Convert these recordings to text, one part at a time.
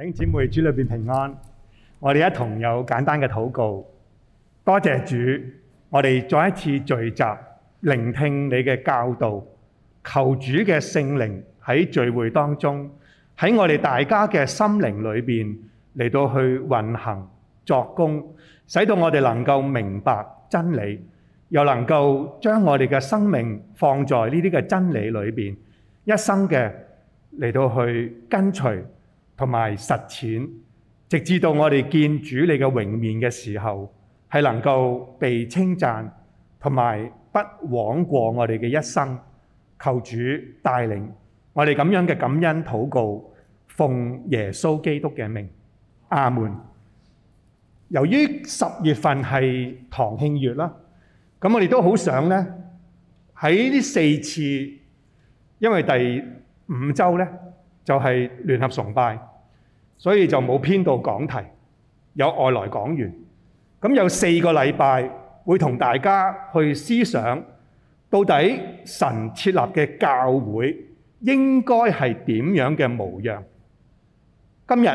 弟兄姊妹，主裏邊平安，我哋一同有簡單嘅禱告。多謝主，我哋再一次聚集，聆聽你嘅教導，求主嘅聖靈喺聚會當中，喺我哋大家嘅心靈裏邊嚟到去運行作工，使到我哋能夠明白真理，又能夠將我哋嘅生命放在呢啲嘅真理裏邊，一生嘅嚟到去跟隨。同埋實踐，直至到我哋見主你嘅榮面嘅時候，係能夠被稱讚，同埋不枉過我哋嘅一生。求主帶領我哋咁樣嘅感恩禱告，奉耶穌基督嘅名，阿門。由於十月份係堂慶月啦，咁我哋都好想咧喺呢四次，因為第五週咧就係聯合崇拜。所以就冇編導講題，有外來講員，咁有四個禮拜會同大家去思想，到底神設立嘅教會應該係點樣嘅模樣？今日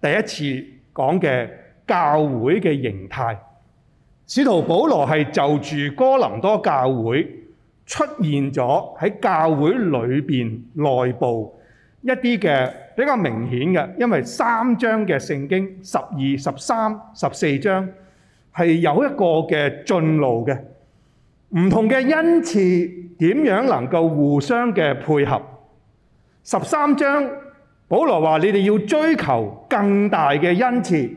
第一次講嘅教會嘅形態，使徒保羅係就住哥林多教會出現咗喺教會裏面內部一啲嘅。比較明顯嘅，因為三章嘅聖經十二、十三、十四章係有一個嘅進路嘅，唔同嘅恩賜點樣能夠互相嘅配合？十三章，保羅話：你哋要追求更大嘅恩賜，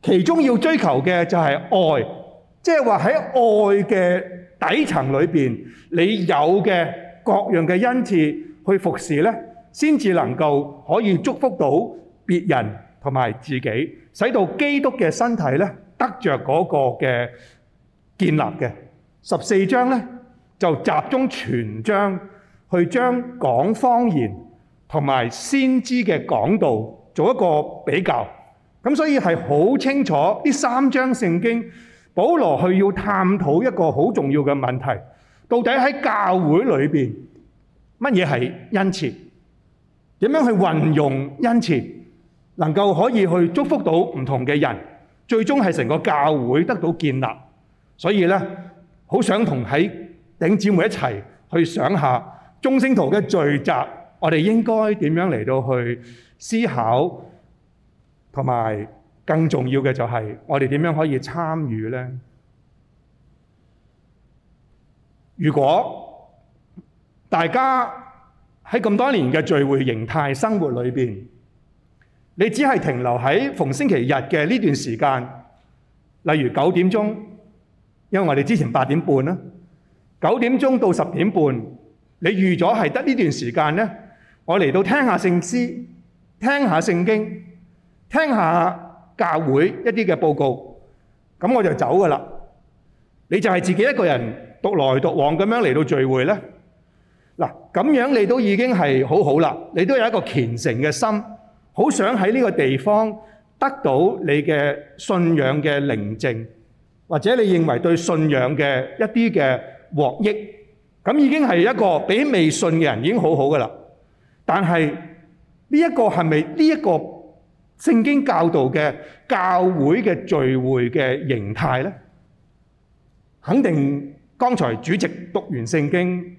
其中要追求嘅就係愛，即係話喺愛嘅底層裏邊，你有嘅各樣嘅恩賜去服侍呢。先至能夠可以祝福到別人和自己，使到基督的身體得着那個建立的。14章呢，就集中全章去將講方言和先知的講道做一個比較。所以是很清楚，這三章聖經保羅去要探討一個很重要的問題，到底在教會裏面什麼東西是恩賜？點樣去運用恩賜，能夠可以去祝福到唔同嘅人，最終係成個教會得到建立。所以呢，好想同喺頂姐妹一齊去想下眾聖徒嘅聚集，我哋應該點樣嚟到去思考，同埋更重要嘅就係我哋點樣可以參與呢？如果大家，喺咁多年嘅聚會形態生活裏面，你只係停留喺逢星期日嘅呢段時間，例如九點鐘，因為我哋之前八點半啦，九點鐘到十點半，你預咗係得呢段時間呢。我嚟到聽下聖詩、聽下聖經、聽下教會一啲嘅報告，噉我就走㗎喇。你就係自己一個人獨來獨往噉樣嚟到聚會呢。咁樣你都已經係好好啦，你都有一個虔誠嘅心，好想喺呢個地方得到你嘅信仰嘅寧靜，或者你認為對信仰嘅一啲嘅獲益，咁已經係一個俾未信嘅人已經好好噶啦。但係呢一個係咪呢一個聖經教導嘅教會嘅聚會嘅形態呢？肯定剛才主席讀完聖經。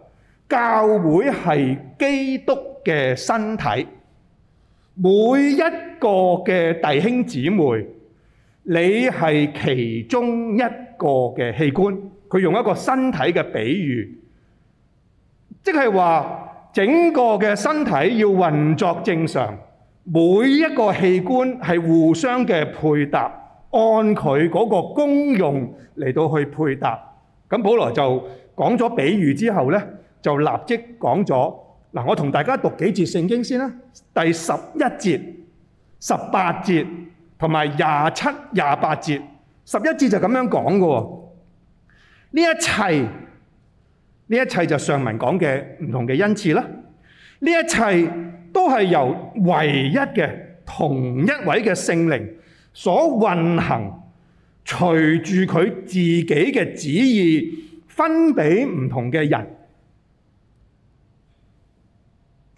教會係基督嘅身體，每一個嘅弟兄姊妹，你係其中一個嘅器官。佢用一個身體嘅比喻，即係話整個嘅身體要運作正常，每一個器官係互相嘅配搭，按佢嗰個功用嚟到去配搭。咁保羅就講咗比喻之後咧。就立即講咗。嗱，我同大家讀幾節聖經先啦。第十一節、十八節同埋廿七、廿八節，十一節就咁樣講嘅喎。呢一切，呢一切就上文講嘅唔同嘅恩賜啦。呢一切都係由唯一嘅同一位嘅聖靈所運行，隨住佢自己嘅旨意，分俾唔同嘅人。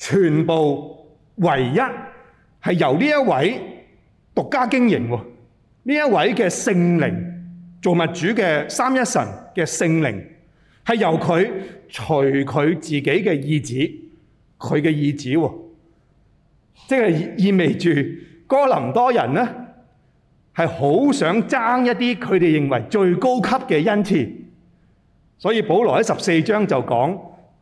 全部唯一係由呢一位獨家經營喎，呢一位嘅聖靈，造物主嘅三一神嘅聖靈，係由佢隨佢自己嘅意志，佢嘅意志喎，即係意味住哥林多人呢係好想爭一啲佢哋認為最高級嘅恩賜，所以保羅喺十四章就講。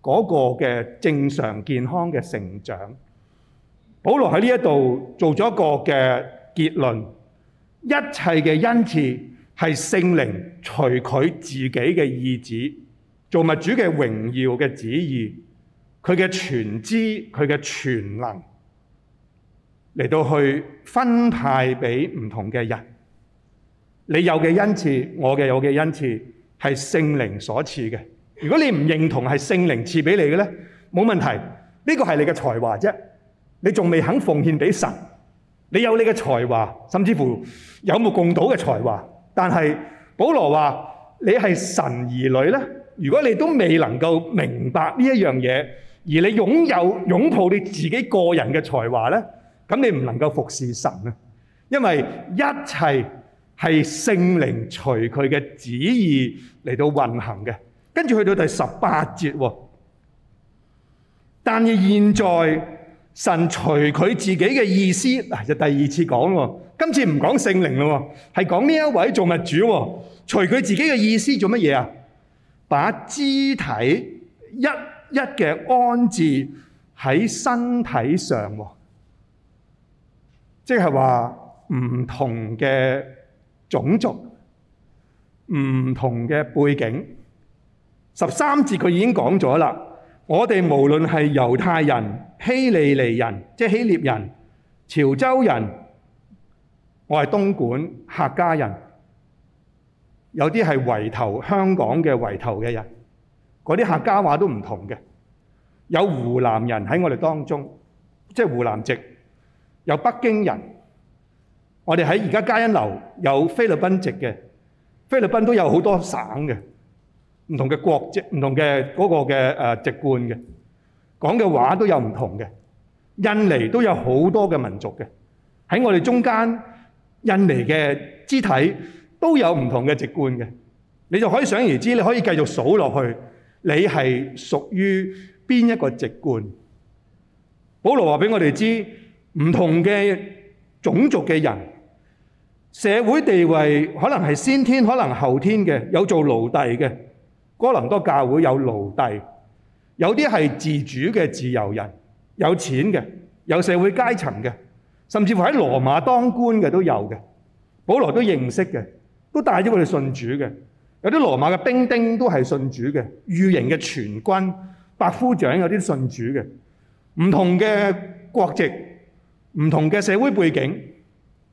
嗰個嘅正常健康嘅成長，保羅喺呢度做咗一個嘅結論：一切嘅恩賜係聖靈隨佢自己嘅意志，做物主嘅榮耀嘅旨意，佢嘅全知佢嘅全能嚟到去分派俾唔同嘅人。你有嘅恩賜，我嘅有嘅恩賜，係聖靈所賜嘅。如果你唔認同係聖靈賜俾你嘅呢，冇問題，呢個係你嘅才華啫。你仲未肯奉獻俾神，你有你嘅才華，甚至乎有目共睹嘅才華。但係保羅話：你係神兒女呢，如果你都未能夠明白呢一樣嘢，而你擁有擁抱你自己個人嘅才華呢，咁你唔能夠服侍神啊！因為一切係聖靈隨佢嘅旨意嚟到運行嘅。跟住去到第十八節，但係現在神隨佢自己嘅意思，就第二次講咯，今次唔講聖靈咯，係講呢一位造物主，隨佢自己嘅意思做乜嘢啊？把肢體一一嘅安置喺身體上，即係話唔同嘅種族、唔同嘅背景。十三節佢已經講咗啦，我哋無論係猶太人、希利尼人，即係希臘人、潮州人，我係東莞客家人，有啲係圍頭香港嘅圍頭嘅人，嗰啲客家話都唔同嘅。有湖南人喺我哋當中，即係湖南籍；有北京人，我哋喺而家嘉欣樓有菲律賓籍嘅，菲律賓都有好多省嘅。唔同嘅國籍，唔同嘅嗰個嘅誒籍貫嘅，講嘅話都有唔同嘅。印尼都有好多嘅民族嘅，喺我哋中間，印尼嘅肢體都有唔同嘅籍貫嘅。你就可以想而知，你可以繼續數落去，你係屬於邊一個籍貫？保羅話俾我哋知，唔同嘅種族嘅人，社會地位可能係先天，可能後天嘅，有做奴隸嘅。哥林多教會有奴隸，有啲係自主嘅自由人，有錢嘅，有社會階層嘅，甚至乎喺羅馬當官嘅都有嘅。保羅都認識嘅，都帶咗佢哋信主嘅。有啲羅馬嘅兵丁都係信主嘅，御營嘅全軍、百夫長有啲信主嘅。唔同嘅國籍，唔同嘅社會背景。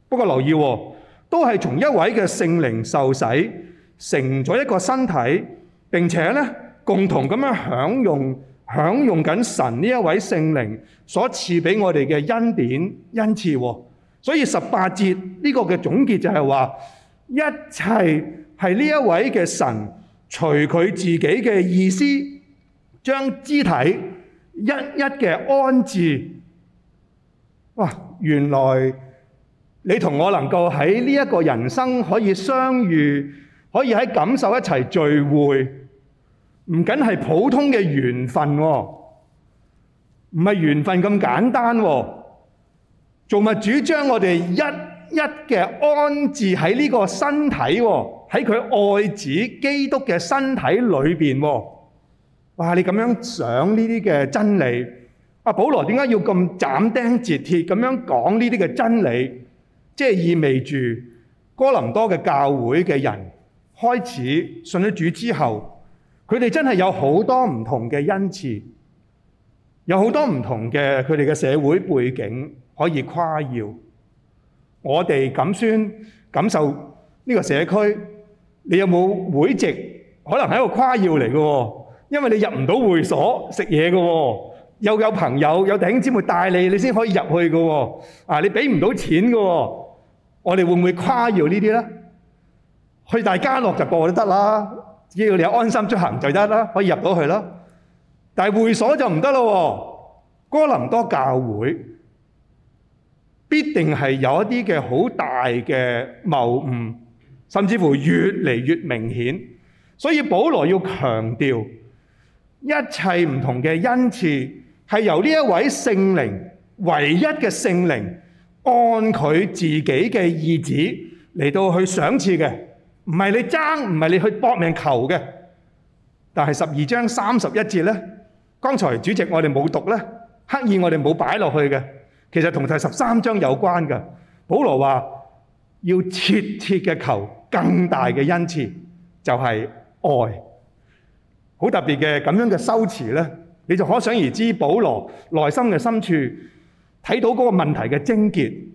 不過留意喎，哦，都係從一位嘅聖靈受洗，成咗一個身體。並且咧，共同咁樣享用享用緊神呢一位聖靈所賜俾我哋嘅恩典恩賜。所以十八節呢個嘅總結就係話，一切係呢一位嘅神，隨佢自己嘅意思，將肢體一一嘅安置。哇！原來你同我能夠喺呢一個人生可以相遇，可以喺感受一齊聚會。唔僅係普通嘅緣分，唔係緣分咁簡單。造物主將我哋一一嘅安置喺呢個身體喎，喺佢愛子基督嘅身體裏面。哇！你咁樣想呢啲嘅真理，啊，保羅點解要咁斬釘截鐵咁樣講呢啲嘅真理？即係意味住哥林多嘅教會嘅人開始信咗主之後。佢哋真係有好多唔同嘅恩賜，有好多唔同嘅佢哋嘅社會背景可以誇耀。我哋感酸感受呢個社區，你有冇有會籍？可能係一個誇耀嚟嘅，因為你入唔到會所食嘢嘅，又有朋友有弟兄姊妹帶你，你先可以入去嘅啊，你俾唔到錢嘅，我哋會唔會誇耀呢啲呢？去大家樂就可以得啦。只要你安心出行就得啦，可以入到去啦。但係會所就唔得咯，哥林多教會必定係有一啲嘅好大嘅謬誤，甚至乎越嚟越明顯。所以保羅要強調，一切唔同嘅恩賜係由呢一位聖靈，唯一嘅聖靈，按佢自己嘅意志嚟到去賞賜嘅。唔係你爭，唔係你去搏命求嘅，但係十二章三十一節呢，剛才主席我哋冇讀呢，刻意我哋冇擺落去嘅，其實同第十三章有關嘅。保羅話要切切嘅求更大嘅恩賜，就係愛。好特別嘅這樣嘅修辭呢，你就可想而知保羅內心嘅深處睇到嗰個問題嘅症結。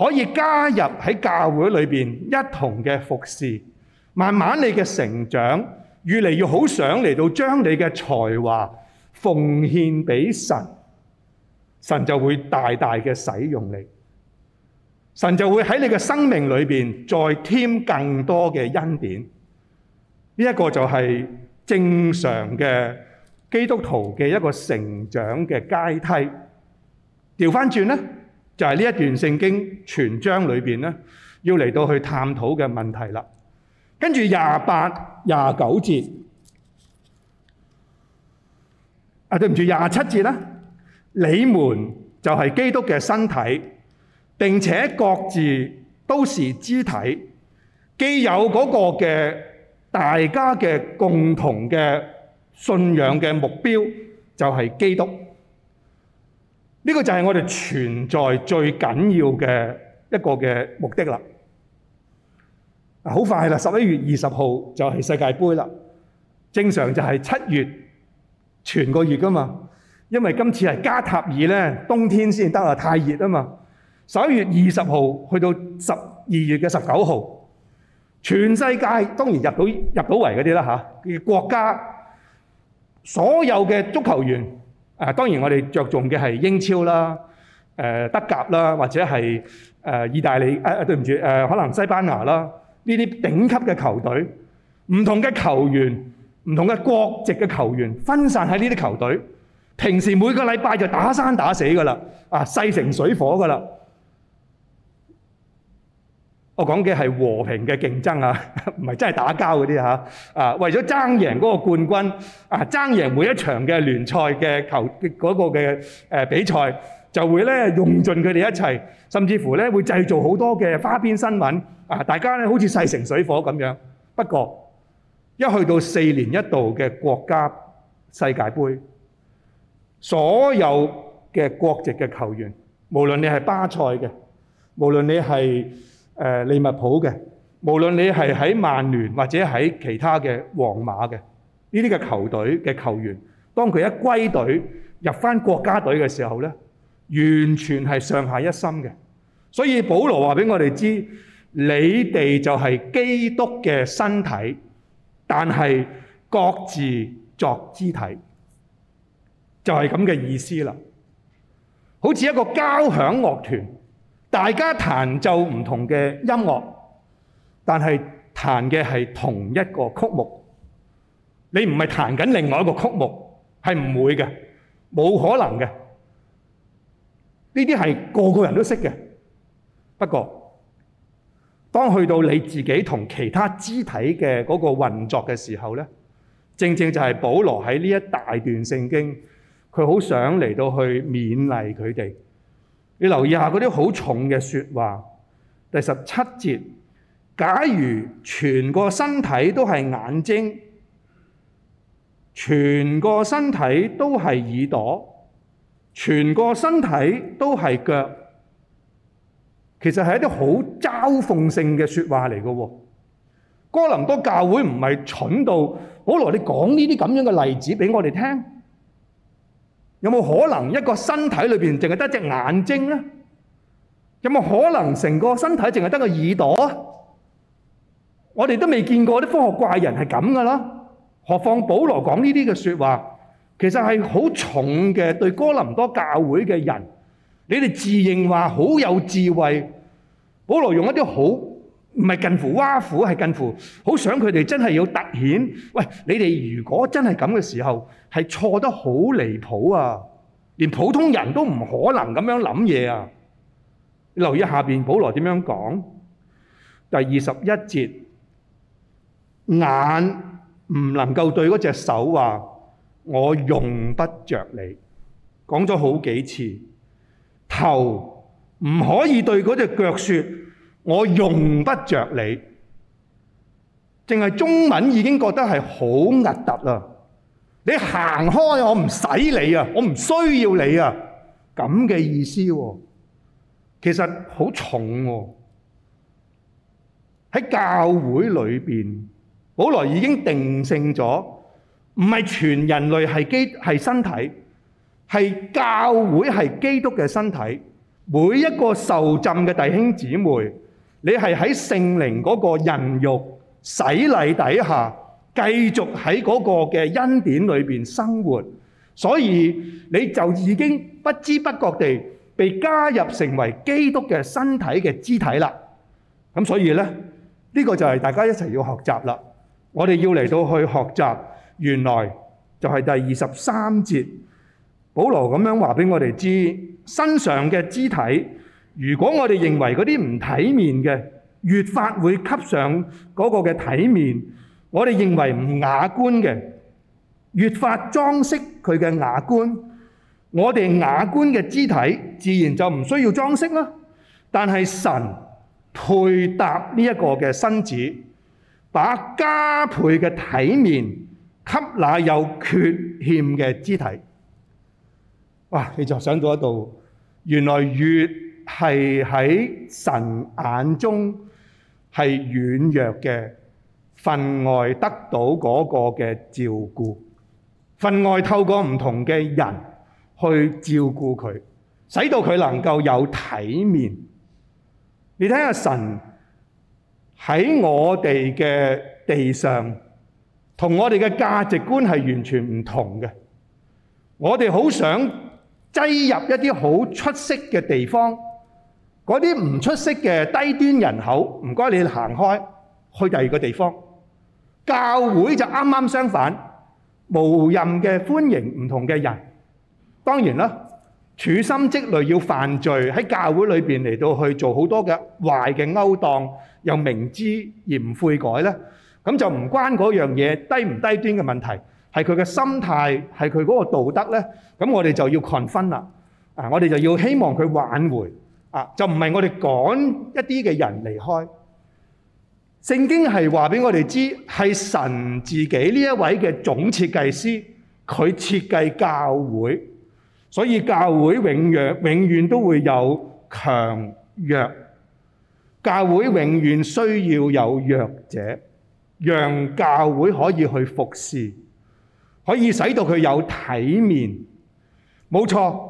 可以加入喺教會裏邊一同嘅服侍，慢慢你嘅成長越嚟越好，想嚟到將你嘅才華奉獻俾神，神就會大大嘅使用你，神就會喺你嘅生命裏邊再添更多嘅恩典。呢一個就係正常嘅基督徒嘅一個成長嘅階梯。調翻轉咧？就係呢一段聖經全章裏面，要嚟到去探討嘅問題啦。跟住廿八、廿九節，啊對唔住，廿七節呢，你們就係基督嘅身體，並且各自都是肢體，既有嗰個嘅大家嘅共同嘅信仰嘅目標，就係基督。呢個就係我哋存在最緊要嘅一個嘅目的啦。好快啦，十一月二十號就係世界盃啦。正常就係七月全個月㗎嘛，因為今次係加塔爾呢，冬天先得啊，太熱啊嘛。十一月二十號去到十二月嘅十九號，全世界當然入到入到圍嗰啲啦嚇，國家所有嘅足球員。誒當然我哋着重嘅係英超啦、誒德甲啦，或者係意大利誒誒、啊、對唔住、啊、可能西班牙啦，呢啲頂級嘅球隊，唔同嘅球員、唔同嘅國籍嘅球員分散喺呢啲球隊，平時每個禮拜就打生打死㗎啦，啊勢成水火㗎啦。我講嘅係和平嘅競爭啊，唔係真係打交嗰啲嚇啊！為咗爭贏嗰個冠軍啊，爭贏每一場嘅聯賽嘅球嗰個嘅誒比賽，就會咧用盡佢哋一切，甚至乎咧會製造好多嘅花邊新聞啊！大家咧好似勢成水火咁樣。不過一去到四年一度嘅國家世界盃，所有嘅國籍嘅球員，無論你係巴塞嘅，無論你係，呃、利物浦嘅，無論你係喺曼聯或者喺其他嘅皇馬嘅呢啲嘅球隊嘅球員，當佢一歸隊入返國家隊嘅時候呢，完全係上下一心嘅。所以保羅話俾我哋知，你哋就係基督嘅身體，但係各自作肢體，就係咁嘅意思啦。好似一個交響樂團。大家彈奏唔同嘅音樂，但係彈嘅係同一個曲目。你唔係彈緊另外一個曲目，係唔會嘅，冇可能嘅。呢啲係個個人都識嘅。不過，當去到你自己同其他肢體嘅嗰個運作嘅時候呢，正正就係保羅喺呢一大段聖經，佢好想嚟到去勉勵佢哋。你留意下嗰啲好重嘅說話，第十七節，假如全個身體都係眼睛，全個身體都係耳朵，全個身體都係腳，其實係一啲好嘲諷性嘅說話嚟㗎喎。哥林多教會唔係蠢到，保羅你講呢啲咁樣嘅例子俾我哋聽。有冇可能一個身體裏面淨係得隻眼睛呢？有冇可能成個身體淨係得個耳朵？我哋都未見過啲科學怪人係噉㗎啦，何況保羅講呢啲嘅説話，其實係好重嘅對哥林多教會嘅人，你哋自認話好有智慧，保羅用一啲好。唔係近乎挖苦，係近乎好想佢哋真係要突顯。喂，你哋如果真係咁嘅時候，係錯得好離譜啊！連普通人都唔可能咁樣諗嘢啊！你留意下面，保羅點樣講？第二十一節，眼唔能夠對嗰隻手話：我用不着你。講咗好幾次，頭唔可以對嗰隻腳説。我用不着你，淨係中文已經覺得係好核突啦！你行開，我唔使你啊，我唔需要你啊，咁嘅意思，其實好重喎。喺教會裏邊，保羅已經定性咗，唔係全人類係基係身體，係教會係基督嘅身體，每一個受浸嘅弟兄姊妹。你係喺聖靈嗰個人欲洗禮底下，繼續喺嗰個嘅恩典裏面生活，所以你就已經不知不覺地被加入成為基督嘅身體嘅肢體啦。咁所以呢，呢個就係大家一齊要學習啦。我哋要嚟到去學習，原來就係第二十三節，保羅咁樣話俾我哋知，身上嘅肢體。如果我哋認為嗰啲唔體面嘅，越發會給上嗰個嘅體面；我哋認為唔雅觀嘅，越發裝飾佢嘅雅觀；我哋雅觀嘅肢體，自然就唔需要裝飾啦。但係神配搭呢一個嘅身子，把加倍嘅體面給那有缺陷嘅肢體。哇！你就想到一度，原來越……係喺神眼中係軟弱嘅，分外得到嗰個嘅照顧，分外透過唔同嘅人去照顧佢，使到佢能夠有體面。你睇下神喺我哋嘅地上，同我哋嘅價值觀係完全唔同嘅。我哋好想擠入一啲好出色嘅地方。嗰啲唔出色嘅低端人口，唔該你行開，去第二個地方。教會就啱啱相反，無任嘅歡迎唔同嘅人。當然啦，處心積慮要犯罪喺教會裏邊嚟到去做好多嘅壞嘅勾當，又明知而唔悔改咧，咁就唔關嗰樣嘢低唔低端嘅問題，係佢嘅心態，係佢嗰個道德咧。咁我哋就要勵勵啦，啊，我哋就要希望佢挽回。啊！就唔係我哋趕一啲嘅人離開。聖經係話畀我哋知，係神自己呢一位嘅總設計師，佢設計教會，所以教會永遠永遠都會有強弱。教會永遠需要有弱者，讓教會可以去服侍，可以使到佢有體面。冇錯。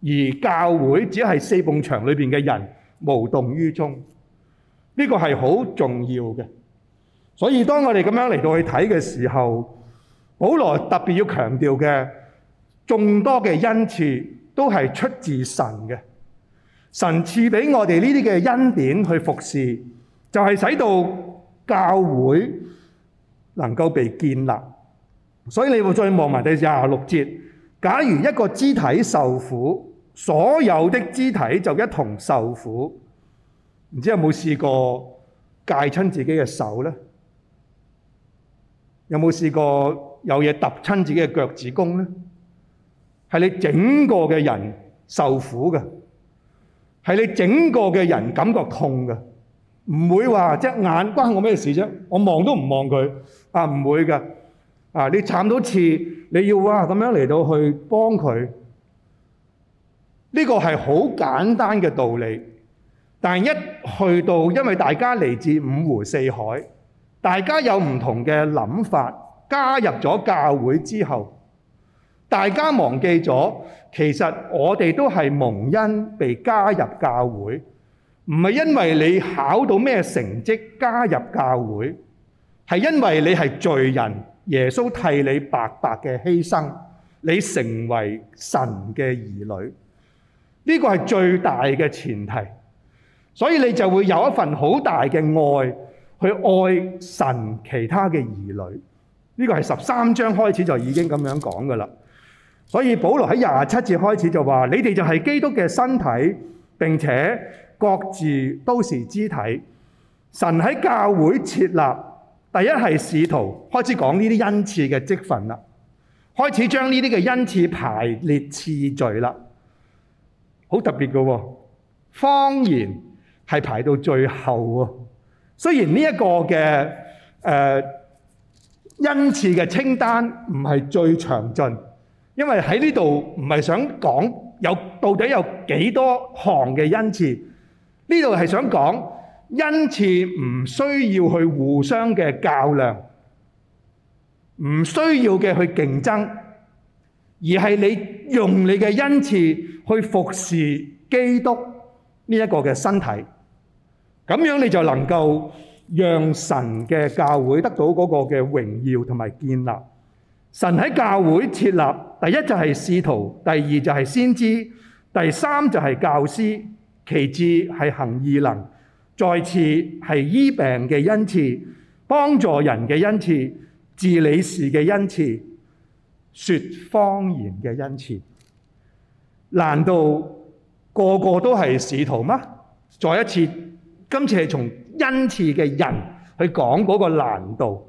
而教會只係四埲牆裏面嘅人無動於衷，呢個係好重要嘅。所以當我哋咁樣嚟到去睇嘅時候，保羅特別要強調嘅眾多嘅恩賜都係出自神嘅，神賜俾我哋呢啲嘅恩典去服侍，就係使到教會能夠被建立。所以你會再望埋第廿六節。假如一個肢體受苦，所有的肢體就一同受苦。唔知道有冇試過戒親自己嘅手呢？有冇試過有嘢揼親自己嘅腳趾公呢？係你整個嘅人受苦嘅，係你整個嘅人感覺痛嘅，唔會話隻眼關我咩事啫？我望都唔望佢啊，唔會噶。啊，你鏟到刺。你要哇咁樣嚟到去幫佢，呢個係好簡單嘅道理。但一去到，因為大家嚟自五湖四海，大家有唔同嘅諗法，加入咗教會之後，大家忘記咗，其實我哋都係蒙恩被加入教會，唔係因為你考到咩成績加入教會。係因為你係罪人，耶穌替你白白嘅犧牲，你成為神嘅兒女，呢個係最大嘅前提，所以你就會有一份好大嘅愛去愛神其他嘅兒女。呢個係十三章開始就已經咁樣講噶啦。所以保羅喺廿七節開始就話：你哋就係基督嘅身體，並且各自都是肢體。神喺教會設立。第一係試圖開始講呢啲恩賜嘅積分啦，開始將呢啲嘅恩賜排列次序啦，好特別嘅喎，方言係排到最後喎，啊。雖然呢一個嘅誒、呃、恩賜嘅清單唔係最詳盡，因為喺呢度唔係想講有到底有幾多行嘅恩賜，呢度係想講。恩賜唔需要去互相嘅較量，唔需要嘅去競爭，而係你用你嘅恩賜去服侍基督呢一個嘅身體，咁樣你就能夠讓神嘅教會得到嗰個嘅榮耀同埋建立。神喺教會設立，第一就係使徒，第二就係先知，第三就係教師，其次係行異能。再次是醫病嘅恩賜，幫助人嘅恩賜，治理事嘅恩賜，說方言嘅恩賜。難道個個都是使徒嗎？再一次，今次係從恩賜嘅人去講嗰個難度。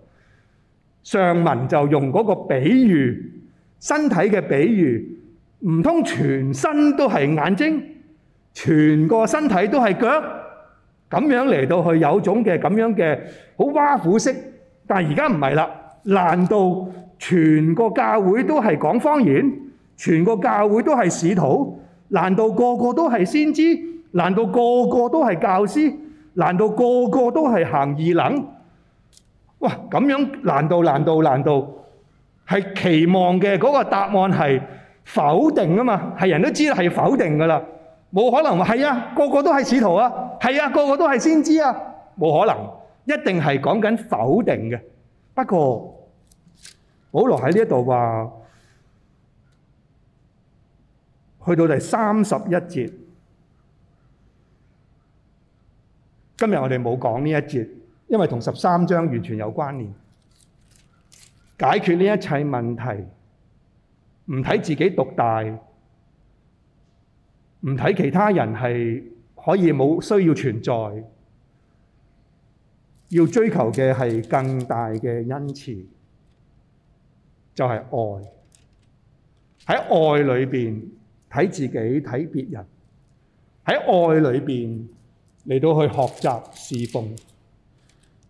上文就用嗰個比喻，身體嘅比喻，唔通全身都是眼睛，全個身體都是腳？咁樣嚟到去有種嘅咁樣嘅好挖苦式，但係而家唔係啦。難道全個教會都係講方言？全個教會都係使徒？難道個個都係先知？難道個個都係教師？難道個個都係行異能？哇！咁樣難道難道難道，係期望嘅嗰個答案係否定啊嘛，係人都知啦，係否定㗎喇。冇可能是係啊，個個都係使徒啊，係啊，個個都係先知啊，冇可能，一定係講緊否定嘅。不過，保羅喺呢度話，去到第三十一節，今日我哋冇講呢一節，因為同十三章完全有關聯，解決呢一切問題，唔睇自己獨大。唔睇其他人係可以冇需要存在，要追求嘅係更大嘅恩慈，就係愛。喺愛裏面睇自己睇別人，喺愛裏面嚟到去學習侍奉。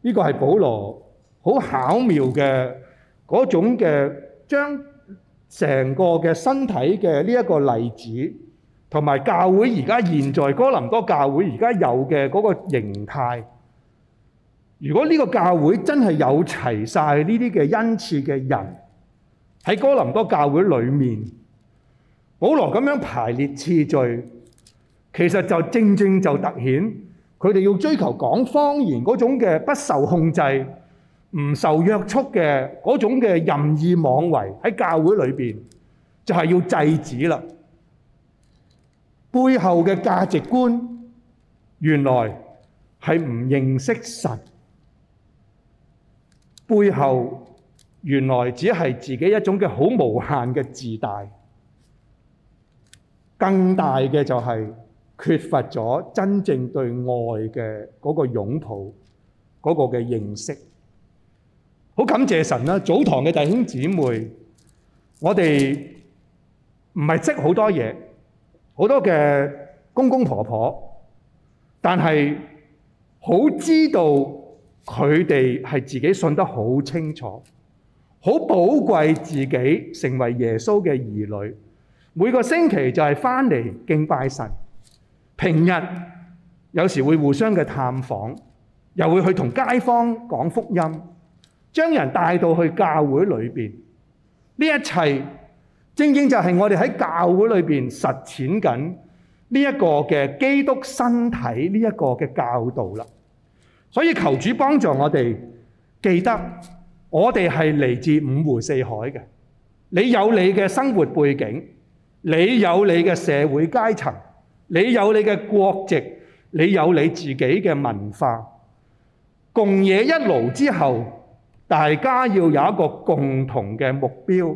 呢個係保羅好巧妙嘅嗰種嘅，將成個嘅身體嘅呢一個例子。同埋教會而家現在哥林多教會而家有嘅嗰個形態，如果呢個教會真係有齊晒呢啲嘅恩賜嘅人喺哥林多教會裏面，保羅咁樣排列次序，其實就正正就突顯，佢哋要追求講方言嗰種嘅不受控制、唔受約束嘅嗰種嘅任意妄為，喺教會裏邊就係、是、要制止啦。背後嘅價值觀，原來係唔認識神。背後原來只係自己一種嘅好無限嘅自大，更大嘅就係缺乏咗真正對愛嘅嗰個擁抱，嗰個嘅認識。好感謝神啦，早堂嘅弟兄姊妹，我哋唔係識好多嘢。好多嘅公公婆婆，但係好知道佢哋係自己信得好清楚，好寶貴自己成為耶穌嘅兒女。每個星期就係返嚟敬拜神，平日有時會互相嘅探訪，又會去同街坊講福音，將人帶到去教會裏面。呢一切。正正就係我哋喺教會裏邊實踐緊呢一個嘅基督身體呢一個嘅教導啦。所以求主幫助我哋，記得我哋係嚟自五湖四海嘅。你有你嘅生活背景，你有你嘅社會階層，你有你嘅國籍，你有你自己嘅文化。共冶一爐之後，大家要有一個共同嘅目標。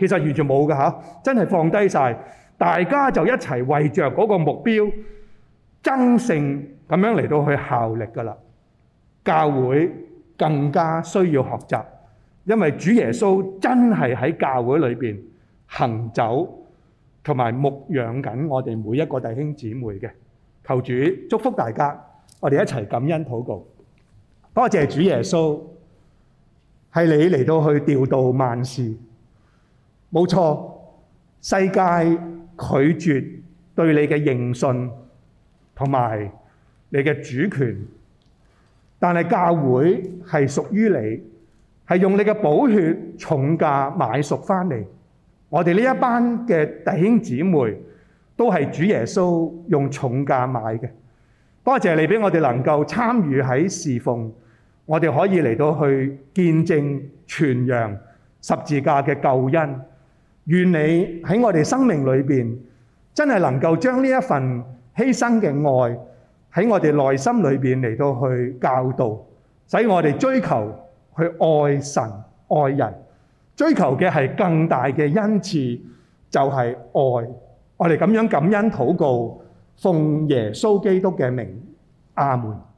其實完全冇噶吓，真係放低晒，大家就一齊為着嗰個目標爭勝咁樣嚟到去效力噶啦。教會更加需要學習，因為主耶穌真係喺教會裏邊行走同埋牧養緊我哋每一個弟兄姊妹嘅。求主祝福大家，我哋一齊感恩禱告。多謝，謝主耶穌，係你嚟到去調度萬事。冇錯，世界拒絕對你嘅認信同埋你嘅主權，但係教會係屬於你，係用你嘅寶血重價買贖返嚟。我哋呢一班嘅弟兄姊妹都係主耶穌用重價買嘅。多謝你俾我哋能夠參與喺侍奉，我哋可以嚟到去見證傳揚十字架嘅救恩。願你,喺我哋生命裏面,真係能夠將呢一份犧牲嘅愛,喺我哋內心裏面嚟到去教導,使我哋追求去愛神,愛人。追求嘅係更大嘅恩賜,就係愛。我哋咁樣感恩禱告,奉耶穌基督嘅名,阿們。